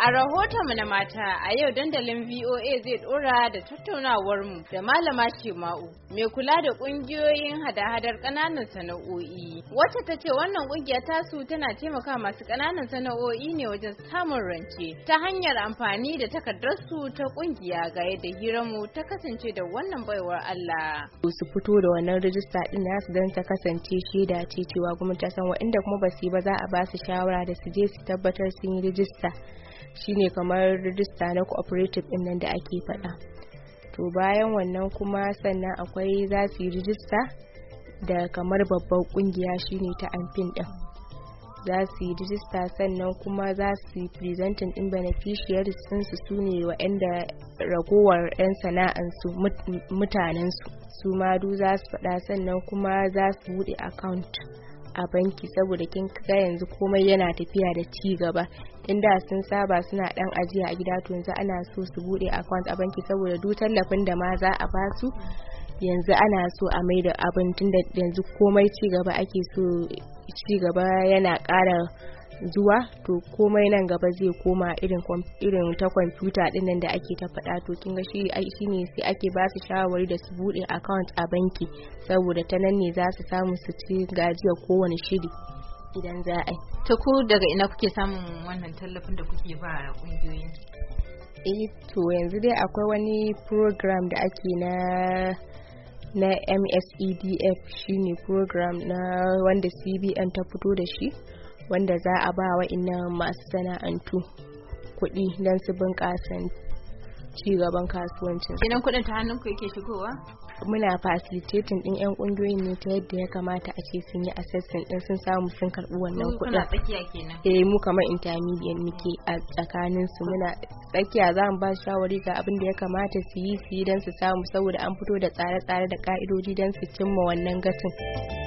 A rahotonmu na mata a yau dandalin VOA zai dora da tattaunawar mu da malama Shema'u mai kula da kungiyoyin hada-hadar kananan sana'o'i. Wacce ta ce wannan kungiya tasu tana taimaka masu kananan sana'o'i ne wajen samun rance ta hanyar amfani da takardar su ta kungiya ga yadda hiranmu ta kasance da wannan baiwar Allah. Su fito da wannan rijista din nasu don ta kasance shaida ce cewa gwamnati ta san waɗanda kuma ba su yi ba za a ba su shawara da su je su tabbatar sun yi rijista. shine kamar rijista na cooperative din nan da ake faɗa to bayan wannan kuma sannan akwai za su yi rijista da kamar babbar kungiya shine ta amfin din za su yi rijista sannan kuma za su yi presenting din beneficiaries din su ne waɗanda ragowar 'yan su mutanensu su ma du za su faɗa sannan kuma za su buɗe account a banki saboda kin ga yanzu komai yana tafiya da ci gaba in da sun saba suna dan ajiya a gida to yanzu ana so su bude account a banki saboda duk tallafin da ma za a su yanzu ana so a mai da abin tunda yanzu komai ci gaba ake so ci gaba yana ƙara zuwa to komai nan gaba zai koma irin irin ta kwamfuta din nan da ake ta faɗa to kin ga shi ne sai ake ba su shawarwari da su bude account a banki saboda ta nan ne za su samu su ci ko kowane shiri idan za a yi ta ku daga ina kuke samun wannan tallafin da kuke ba kungiyoyin eh to yanzu dai akwai wani program da ake na na msedf shine program na wanda cbn ta fito da shi wanda za a ba wa innan masu sana'antu kuɗi don su bunƙasa cigaban kasuwancin idan kuɗin ta hannun ku yake shigowa muna facilitating ɗin yan kungiyoyin ne ta yadda ya kamata a ce sun yi assessment din sun samu sun karɓi wannan kuɗin tsakiya kenan eh mu kamar intermediate muke a tsakanin su muna tsakiya za mu ba shawari ga abin da ya kamata su yi su yi don su samu saboda an fito da tsare-tsare da ka'idodi don su cimma wannan gatin